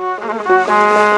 Thank you.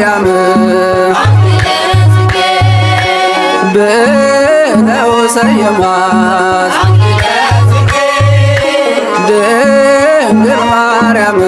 ማርያም ብለው ሰየሟት ድንግል ማርያም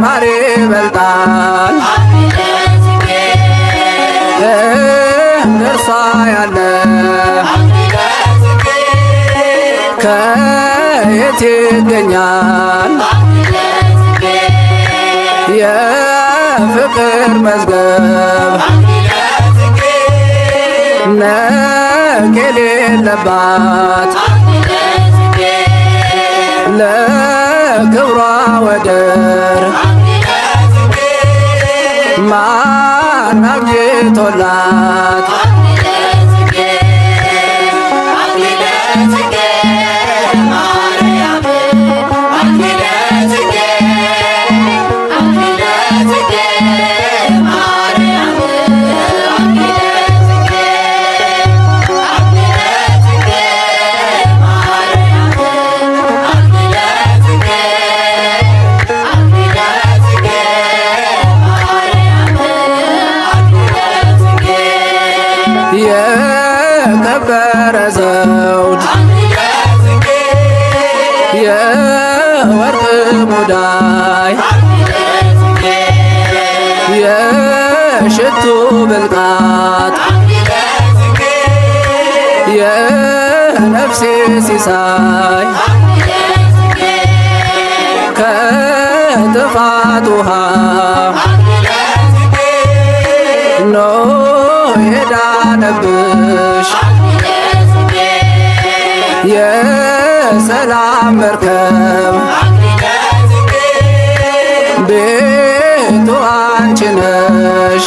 ማር ይበልጣል እንደርሷ ያለ ከየት ይገኛል የፍቅር መዝገብ ነቅ የሌለባት ለክብሯ ወደ አብቅቶላት የከበረ ዘውድ የወርቅ ሙዳይ የሽቱ ብልቃት የነፍሴ ሲሳይ ከጥፋት ውሃ ሳነብሽ የሰላም መርከብ ቤቱ አንቺ ነሽ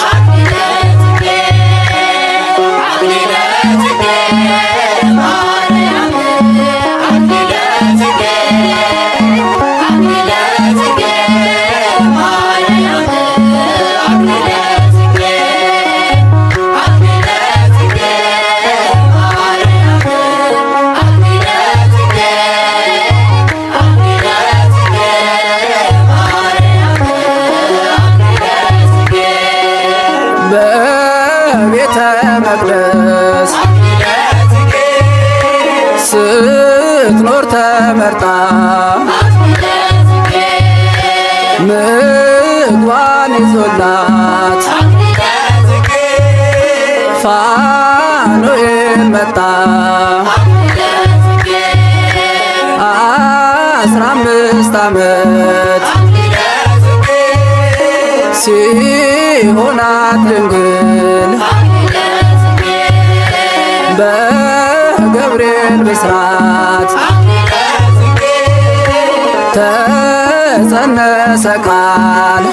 ተሞላት ፋኑኤል መጣ አስራ አምስት ዓመት ሲሆናት ድንግል በገብርኤል ብስራት ተጸነሰ ቃል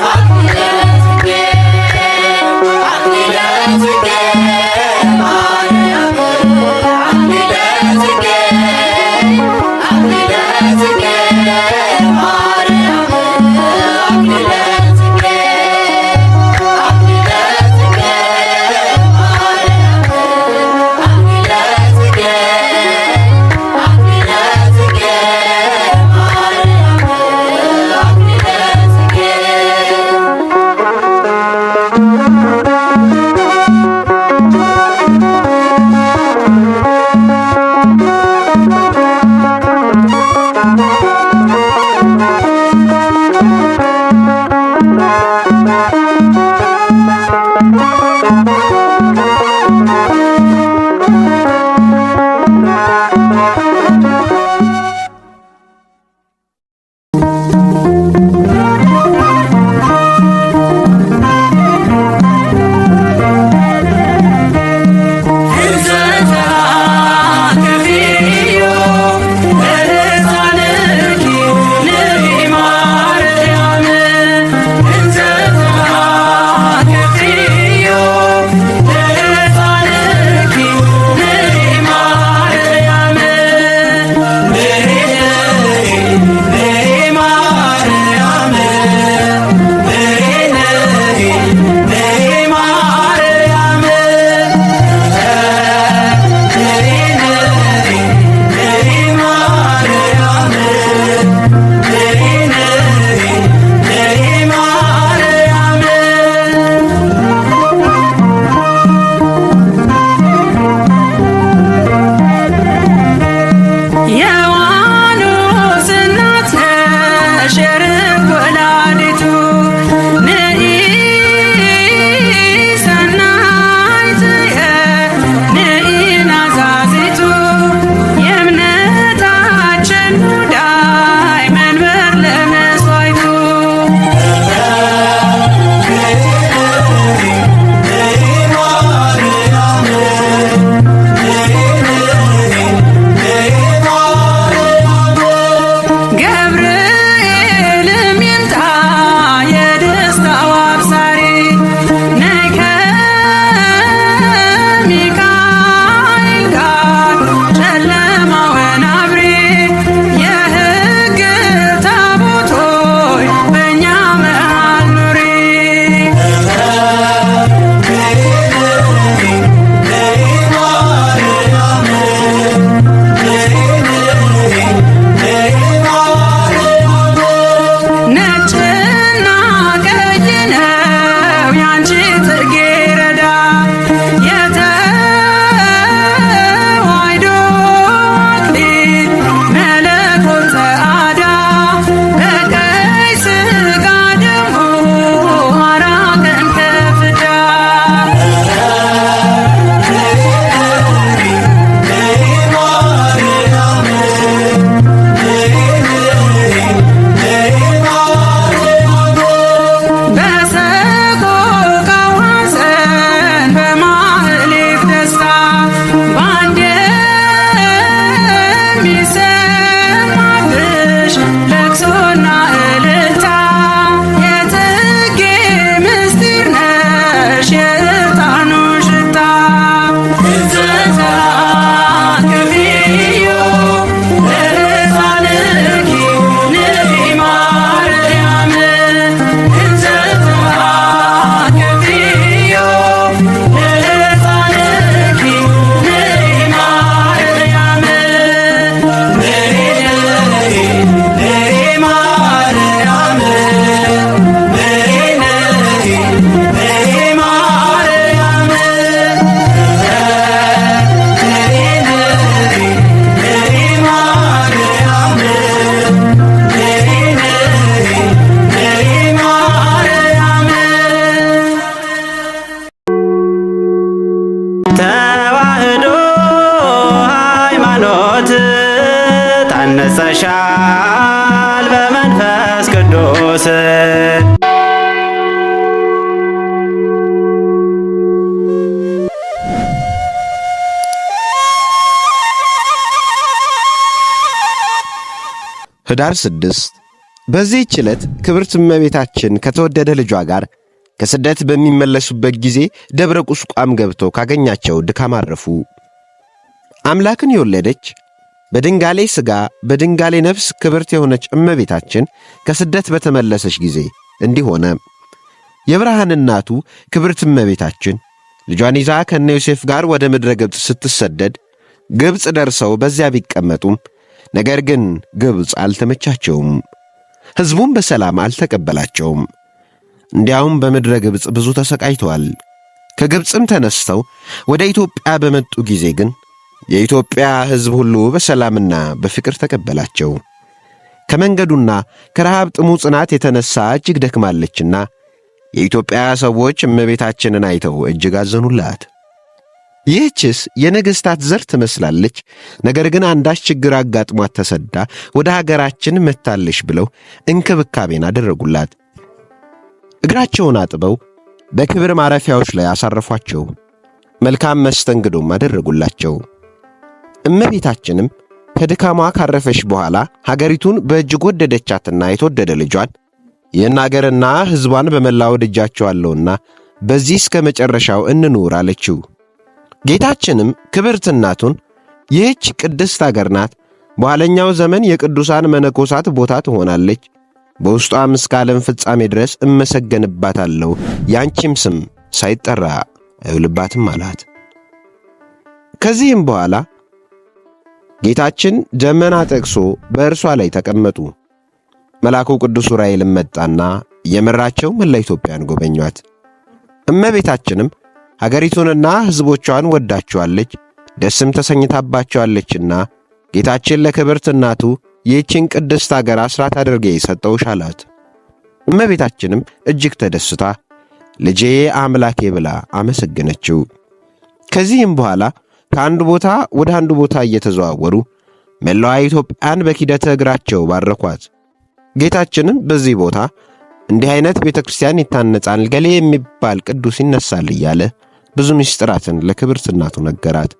ህዳር 6 በዚህች ዕለት ክብርት እመቤታችን ከተወደደ ልጇ ጋር ከስደት በሚመለሱበት ጊዜ ደብረ ቁስቋም ገብተው ካገኛቸው ድካም አረፉ። አምላክን የወለደች በድንጋሌ ሥጋ በድንጋሌ ነፍስ ክብርት የሆነች እመቤታችን ከስደት በተመለሰች ጊዜ እንዲህ ሆነ። የብርሃን እናቱ ክብርት እመቤታችን ልጇን ይዛ ከነ ዮሴፍ ጋር ወደ ምድረ ግብፅ ስትሰደድ ግብፅ ደርሰው በዚያ ቢቀመጡም ነገር ግን ግብፅ አልተመቻቸውም፣ ሕዝቡም በሰላም አልተቀበላቸውም። እንዲያውም በምድረ ግብፅ ብዙ ተሰቃይተዋል። ከግብፅም ተነስተው ወደ ኢትዮጵያ በመጡ ጊዜ ግን የኢትዮጵያ ሕዝብ ሁሉ በሰላምና በፍቅር ተቀበላቸው። ከመንገዱና ከረሃብ ጥሙ ጽናት የተነሣ እጅግ ደክማለችና የኢትዮጵያ ሰዎች እመቤታችንን አይተው እጅግ አዘኑላት። ይህችስ የነገሥታት ዘር ትመስላለች፣ ነገር ግን አንዳች ችግር አጋጥሟት ተሰዳ ወደ ሀገራችን መታለች ብለው እንክብካቤን አደረጉላት። እግራቸውን አጥበው በክብር ማረፊያዎች ላይ አሳረፏቸው። መልካም መስተንግዶም አደረጉላቸው። እመቤታችንም ከድካሟ ካረፈች በኋላ ሀገሪቱን በእጅግ ወደደቻትና የተወደደ ልጇን ይህን አገርና ሕዝቧን በመላው ወድጃቸዋለሁና በዚህ እስከ መጨረሻው እንኑር አለችው። ጌታችንም ክብርት እናቱን ይህች ቅድስት አገር ናት፣ በኋለኛው ዘመን የቅዱሳን መነኮሳት ቦታ ትሆናለች፣ በውስጧም እስከ ዓለም ፍጻሜ ድረስ እመሰገንባታለሁ፣ ያንቺም ስም ሳይጠራ አይውልባትም አላት። ከዚህም በኋላ ጌታችን ደመና ጠቅሶ በእርሷ ላይ ተቀመጡ። መልአኩ ቅዱስ ዑራኤልም መጣና እየመራቸው መላ ኢትዮጵያን ጎበኟት። እመቤታችንም ሀገሪቱንና ሕዝቦቿን ወዳቸዋለች፣ ደስም ተሰኝታባቸዋለችና ጌታችን ለክብርት እናቱ ይህችን ቅድስት አገር አስራት አድርጌ የሰጠውሽ አላት። እመቤታችንም እጅግ ተደስታ ልጄ አምላኬ ብላ አመሰገነችው። ከዚህም በኋላ ከአንድ ቦታ ወደ አንዱ ቦታ እየተዘዋወሩ መላዋ ኢትዮጵያን በኪደተ እግራቸው ባረኳት። ጌታችንም በዚህ ቦታ እንዲህ አይነት ቤተ ክርስቲያን ይታነጻል፣ ገሌ የሚባል ቅዱስ ይነሳል እያለ ብዙ ምስጢራትን ለክብርት እናቱ ነገራት።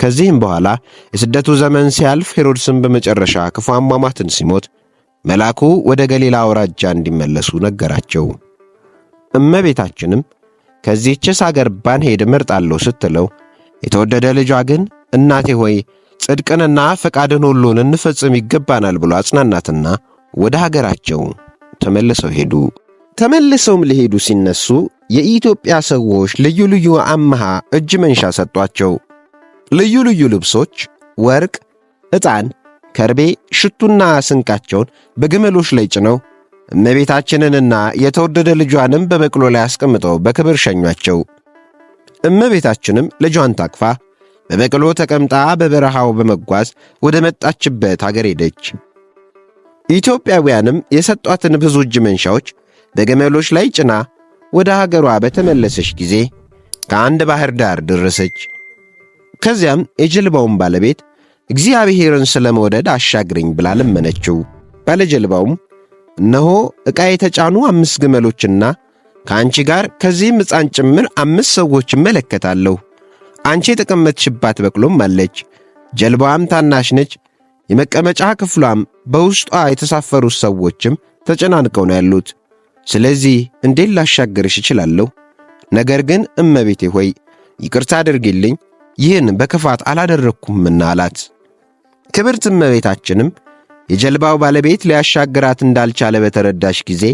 ከዚህም በኋላ የስደቱ ዘመን ሲያልፍ ሄሮድስም በመጨረሻ ክፉ አሟሟትን ሲሞት መልአኩ ወደ ገሊላ አውራጃ እንዲመለሱ ነገራቸው። እመቤታችንም ከዚህችስ አገር ባንሄድ እመርጣለሁ ስትለው የተወደደ ልጇ ግን እናቴ ሆይ ጽድቅንና ፈቃድን ሁሉን እንፈጽም ይገባናል ብሎ አጽናናትና ወደ ሀገራቸው ተመልሰው ሄዱ። ተመልሰውም ሊሄዱ ሲነሱ የኢትዮጵያ ሰዎች ልዩ ልዩ አምሃ እጅ መንሻ ሰጧቸው። ልዩ ልዩ ልብሶች፣ ወርቅ፣ ዕጣን፣ ከርቤ፣ ሽቱና ስንቃቸውን በግመሎች ላይ ጭነው እመቤታችንንና የተወደደ ልጇንም በበቅሎ ላይ አስቀምጠው በክብር ሸኟቸው። እመቤታችንም ልጇን ታቅፋ በበቅሎ ተቀምጣ በበረሃው በመጓዝ ወደ መጣችበት አገር ሄደች። ኢትዮጵያውያንም የሰጧትን ብዙ እጅ መንሻዎች በገመሎች ላይ ጭና ወደ ሀገሯ በተመለሰች ጊዜ ከአንድ ባሕር ዳር ደረሰች። ከዚያም የጀልባውን ባለቤት እግዚአብሔርን ስለ መውደድ አሻግረኝ ብላ ለመነችው። ባለጀልባውም እነሆ ዕቃ የተጫኑ አምስት ግመሎችና ከአንቺ ጋር ከዚህም ሕፃን ጭምር አምስት ሰዎች እመለከታለሁ። አንቺ የተቀመጥሽባት በቅሎም አለች። ጀልባዋም ታናሽ ነች። የመቀመጫ ክፍሏም በውስጧ የተሳፈሩት ሰዎችም ተጨናንቀው ነው ያሉት። ስለዚህ እንዴት ላሻገርሽ እችላለሁ? ነገር ግን እመቤቴ ሆይ ይቅርታ አድርጊልኝ፣ ይህን በክፋት አላደረግኩምና አላት። ክብርት እመቤታችንም የጀልባው ባለቤት ሊያሻግራት እንዳልቻለ በተረዳሽ ጊዜ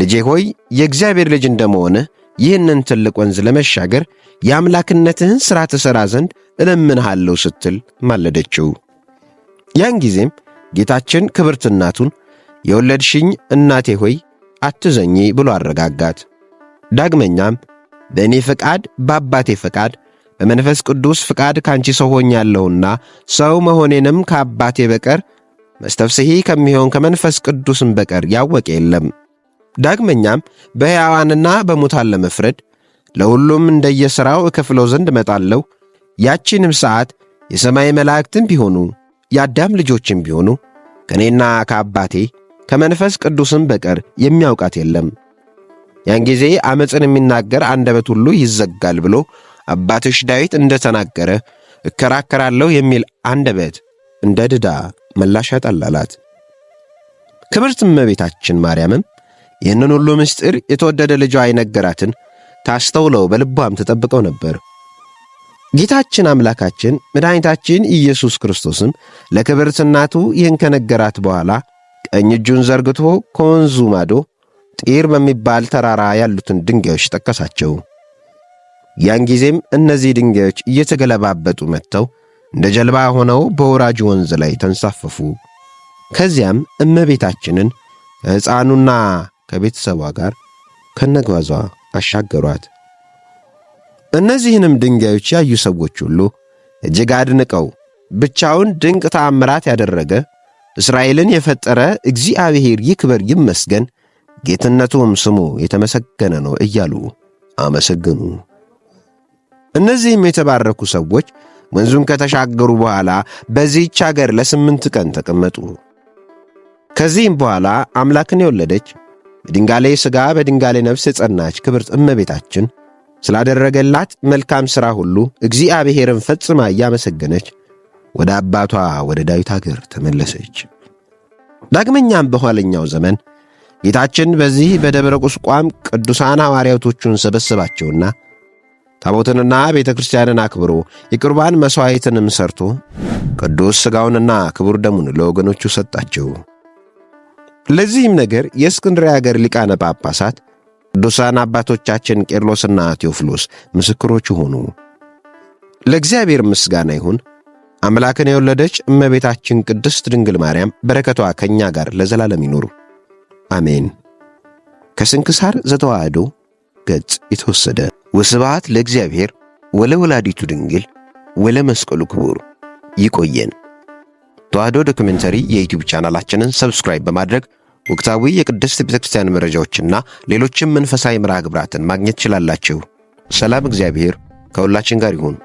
ልጄ ሆይ የእግዚአብሔር ልጅ እንደመሆነ ይህንን ትልቅ ወንዝ ለመሻገር የአምላክነትህን ሥራ ትሠራ ዘንድ እለምንሃለሁ ስትል ማለደችው። ያን ጊዜም ጌታችን ክብርት እናቱን የወለድሽኝ እናቴ ሆይ አትዘኚ ብሎ አረጋጋት። ዳግመኛም በእኔ ፍቃድ፣ በአባቴ ፍቃድ፣ በመንፈስ ቅዱስ ፍቃድ ካንቺ ሰው ሆኛለሁና ሰው መሆኔንም ከአባቴ በቀር መስተፍስሒ ከሚሆን ከመንፈስ ቅዱስም በቀር ያወቀ የለም። ዳግመኛም በሕያዋንና በሙታን ለመፍረድ ለሁሉም እንደየሥራው እከፍለው ዘንድ እመጣለሁ። ያቺንም ሰዓት የሰማይ መላእክትም ቢሆኑ የአዳም ልጆችም ቢሆኑ ከእኔና ከአባቴ ከመንፈስ ቅዱስም በቀር የሚያውቃት የለም። ያን ጊዜ ዓመፅን የሚናገር አንደበት ሁሉ ይዘጋል ብሎ አባትሽ ዳዊት እንደ ተናገረ እከራከራለሁ የሚል አንደበት እንደ ድዳ ምላሽ ያጣል አላት። ክብርት እመቤታችን ማርያምም ይህንን ሁሉ ምስጢር የተወደደ ልጇ የነገራትን ታስተውለው በልቧም ተጠብቀው ነበር። ጌታችን አምላካችን መድኃኒታችን ኢየሱስ ክርስቶስም ለክብርት እናቱ ይህን ከነገራት በኋላ ቀኝ እጁን ዘርግቶ ከወንዙ ማዶ ጢር በሚባል ተራራ ያሉትን ድንጋዮች ጠቀሳቸው። ያን ጊዜም እነዚህ ድንጋዮች እየተገለባበጡ መጥተው እንደ ጀልባ ሆነው በወራጅ ወንዝ ላይ ተንሳፈፉ። ከዚያም እመቤታችንን ከሕፃኑና ከቤተሰቧ ጋር ከነጓዟ አሻገሯት። እነዚህንም ድንጋዮች ያዩ ሰዎች ሁሉ እጅግ አድንቀው ብቻውን ድንቅ ተአምራት ያደረገ እስራኤልን የፈጠረ እግዚአብሔር ይክበር ይመስገን፣ ጌትነቱም ስሙ የተመሰገነ ነው እያሉ አመሰግኑ እነዚህም የተባረኩ ሰዎች ወንዙን ከተሻገሩ በኋላ በዚህች አገር ለስምንት ቀን ተቀመጡ። ከዚህም በኋላ አምላክን የወለደች በድንጋሌ ሥጋ በድንጋሌ ነፍስ የጸናች ክብርት እመቤታችን ስላደረገላት መልካም ሥራ ሁሉ እግዚአብሔርን ፈጽማ እያመሰገነች ወደ አባቷ ወደ ዳዊት አገር ተመለሰች። ዳግመኛም በኋለኛው ዘመን ጌታችን በዚህ በደብረ ቁስቋም ቅዱሳን ሐዋርያቶቹን ሰበሰባቸውና ታቦትንና ቤተ ክርስቲያንን አክብሮ የቁርባን መሥዋዕትንም ሠርቶ ቅዱስ ሥጋውንና ክቡር ደሙን ለወገኖቹ ሰጣቸው። ለዚህም ነገር የእስክንድርያ አገር ሊቃነ ጳጳሳት ቅዱሳን አባቶቻችን ቄርሎስና ቴዎፍሎስ ምስክሮቹ ሆኑ። ለእግዚአብሔር ምስጋና ይሁን። አምላክን የወለደች እመቤታችን ቅድስት ድንግል ማርያም በረከቷ ከእኛ ጋር ለዘላለም ይኑሩ አሜን። ከስንክሳር ዘተዋህዶ ገጽ የተወሰደ። ወስብሐት ለእግዚአብሔር ወለወላዲቱ ድንግል ወለመስቀሉ ክቡር። ይቆየን። ተዋሕዶ ዶክመንተሪ የዩቲዩብ ቻናላችንን ሰብስክራይብ በማድረግ ወቅታዊ የቅድስት ቤተ ክርስቲያን መረጃዎችና ሌሎችም መንፈሳዊ መርሃ ግብራትን ማግኘት ትችላላችሁ። ሰላም እግዚአብሔር ከሁላችን ጋር ይሁን።